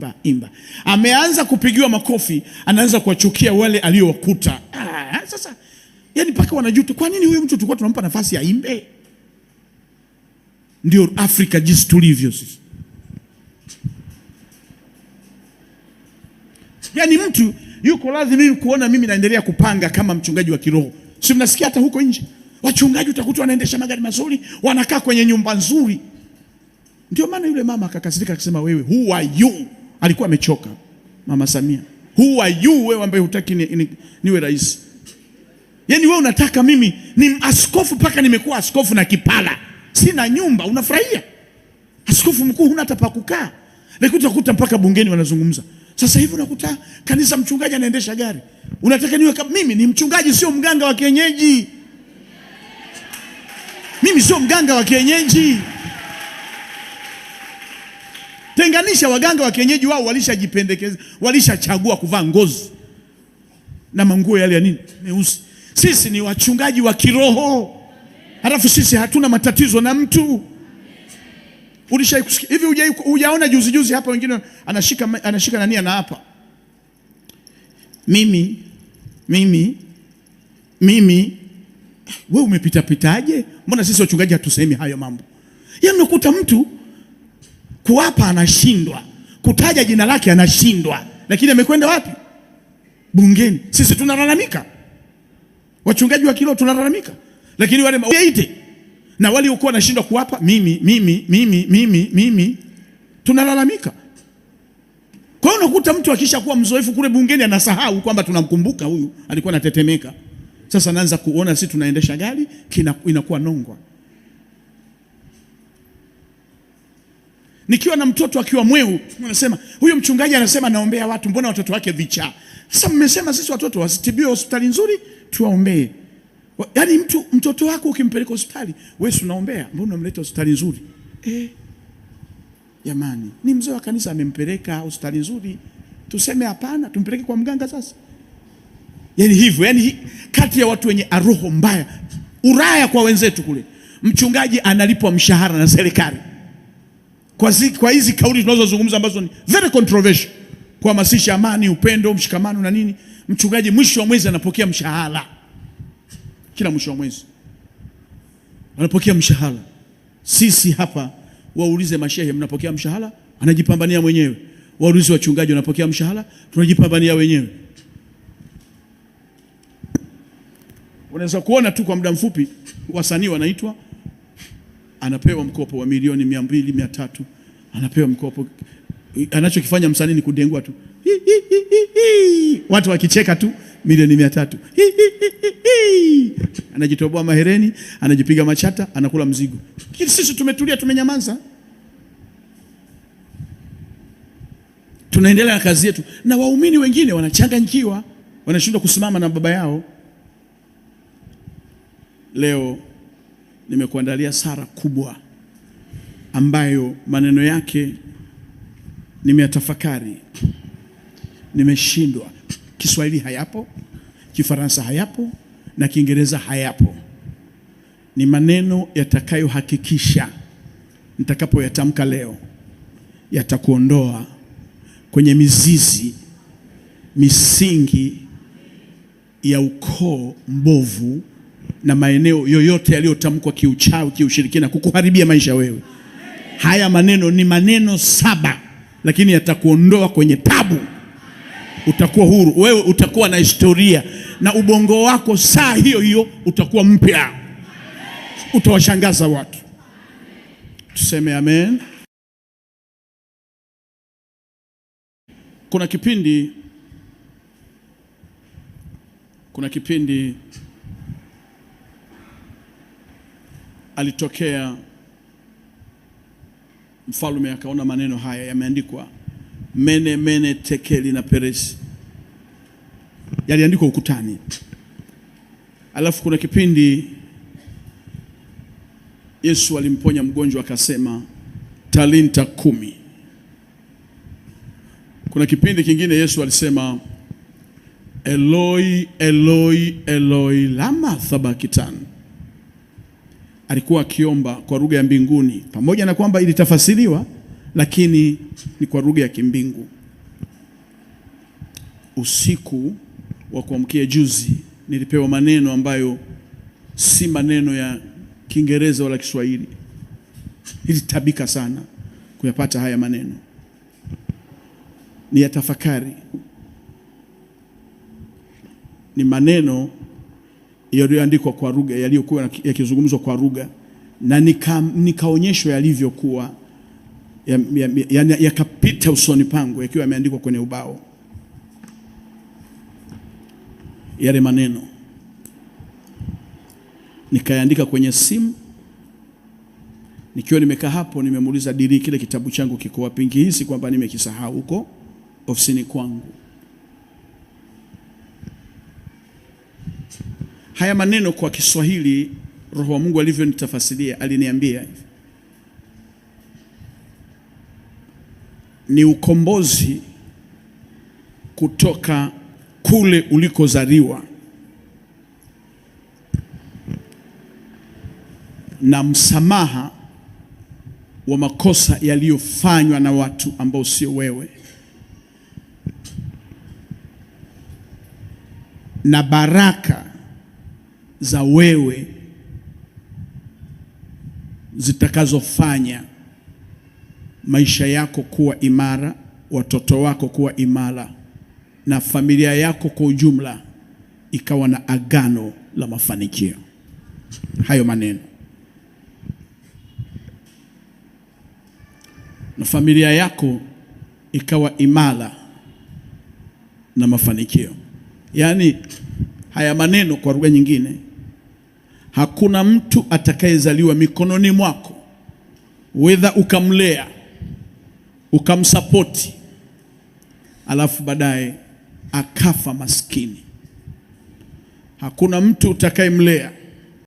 Imba, imba. Ameanza kupigiwa makofi, anaanza kuwachukia wale aliowakuta. Ah, sasa yani mpaka wanajuta, kwa nini huyu mtu tulikuwa tunampa nafasi ya imbe? Ndio Afrika jinsi tulivyo sisi. Yani mtu yuko lazima mimi kuona mimi naendelea kupanga kama mchungaji wa kiroho, si mnasikia hata huko nje wachungaji utakuta wanaendesha magari mazuri, wanakaa kwenye nyumba nzuri. Ndio maana yule mama akakasirika akasema, wewe who are you? alikuwa amechoka Mama Samia. Who are you wewe ambaye hutaki ni, ni, niwe rais? Yaani wewe unataka mimi ni askofu mpaka nimekuwa askofu na kipala. Sina nyumba, unafurahia? Askofu mkuu huna hata pa kukaa. Lakini utakuta mpaka bungeni wanazungumza. Sasa hivi unakuta kanisa mchungaji anaendesha gari. Unataka niwe kama mimi ni mchungaji sio mganga wa kienyeji. Mimi sio mganga wa kienyeji. Kumaanisha waganga wa kienyeji wao walishajipendekeza, walishachagua kuvaa ngozi na manguo yale ya nini meusi. Sisi ni wachungaji wa kiroho, halafu sisi hatuna matatizo na mtu. Ulishai kusikia hivi? Hujaona juzi juzi hapa wengine anashika anashika nani ana hapa, mimi mimi mimi, wewe umepitapitaje? Mbona sisi wachungaji hatusemi hayo mambo? Yamekuta yaani mtu kuwapa anashindwa, kutaja jina lake anashindwa, lakini amekwenda wapi? Bungeni. Sisi tunalalamika, wachungaji wa Kilolo tunalalamika, lakini wale waite na waliokuwa wanashindwa kuapa, mimi mimi mimi mimi mimi, tunalalamika. Kwa hiyo unakuta mtu kuwa mzoefu kule bungeni anasahau kwamba tunamkumbuka huyu alikuwa anatetemeka. Sasa naanza kuona sisi tunaendesha gari inakuwa nongwa. nikiwa na mtoto akiwa mweu, anasema huyu mchungaji anasema naombea watu, mbona watoto wake vichaa? Sasa mmesema sisi watoto wasitibiwe hospitali nzuri, tuwaombee. Yaani mtu mtoto wako ukimpeleka hospitali, wewe si unaombea, mbona unamleta hospitali nzuri? Eh, jamani, ni mzee wa kanisa amempeleka hospitali nzuri, tuseme hapana, tumpeleke kwa mganga sasa? Yaani hivyo, yaani kati ya watu wenye roho mbaya, uraya kwa wenzetu kule, mchungaji analipwa mshahara na serikali kwa, zi, kwa hizi kauli tunazozungumza ambazo ni very controversial, kuhamasisha amani, upendo, mshikamano na nini. Mchungaji mwisho wa mwezi anapokea mshahara, kila mwisho wa mwezi anapokea mshahara. Sisi hapa waulize mashehe, mnapokea mshahara? Anajipambania mwenyewe. Waulize wachungaji, wanapokea mshahara? Tunajipambania wenyewe. Unaweza kuona tu kwa muda mfupi wasanii wanaitwa anapewa mkopo wa milioni mia mbili mia tatu anapewa mkopo, anachokifanya msanii ni kudengua tu hi, hi, hi, hi, hi. Watu wakicheka tu milioni mia tatu hi, hi, hi, hi. Anajitoboa mahereni, anajipiga machata, anakula mzigo. Sisi tumetulia, tumenyamaza, tunaendelea na kazi yetu, na waumini wengine wanachanganyikiwa, wanashindwa kusimama na baba yao leo nimekuandalia sara kubwa ambayo maneno yake nimeyatafakari, nimeshindwa. Kiswahili hayapo, Kifaransa hayapo na Kiingereza hayapo. Ni maneno yatakayohakikisha nitakapoyatamka leo yatakuondoa kwenye mizizi, misingi ya ukoo mbovu na maeneo yoyote yaliyotamkwa kiuchawi, kiushirikina, kukuharibia maisha wewe. Haya maneno ni maneno saba, lakini yatakuondoa kwenye tabu. Utakuwa huru wewe, utakuwa na historia na ubongo wako saa hiyo hiyo utakuwa mpya, utawashangaza watu. Tuseme amen. Kuna kipindi, kuna kipindi alitokea mfalme akaona maneno haya yameandikwa, mene mene tekeli na peresi, yaliandikwa ukutani. Alafu kuna kipindi Yesu alimponya mgonjwa akasema talinta kumi. Kuna kipindi kingine Yesu alisema Eloi Eloi Eloi lama sabakitani alikuwa akiomba kwa lugha ya mbinguni, pamoja na kwamba ilitafasiriwa, lakini ni kwa lugha ya kimbingu. Usiku wa kuamkia juzi nilipewa maneno ambayo si maneno ya Kiingereza wala Kiswahili. Nilitabika sana kuyapata haya maneno, ni ya tafakari, ni maneno yaliyoandikwa kwa lugha yaliyokuwa yakizungumzwa kwa lugha na nika, nikaonyeshwa yalivyokuwa yakapita ya, ya, ya usoni pangu yakiwa yameandikwa kwenye ubao yale maneno nikayaandika kwenye simu nikiwa nimekaa hapo, nimemuuliza Diri, kile kitabu changu kiko wapi? Nikihisi kwamba nimekisahau huko ofisini kwangu. Haya maneno kwa Kiswahili Roho wa Mungu alivyonitafasiria, aliniambia hivi ni ukombozi kutoka kule ulikozaliwa na msamaha wa makosa yaliyofanywa na watu ambao sio wewe, na baraka za wewe zitakazofanya maisha yako kuwa imara, watoto wako kuwa imara, na familia yako kwa ujumla ikawa na agano la mafanikio. Hayo maneno na familia yako ikawa imara na mafanikio, yaani haya maneno kwa lugha nyingine hakuna mtu atakayezaliwa mikononi mwako, wedha ukamlea ukamsapoti, alafu baadaye akafa maskini. Hakuna mtu utakayemlea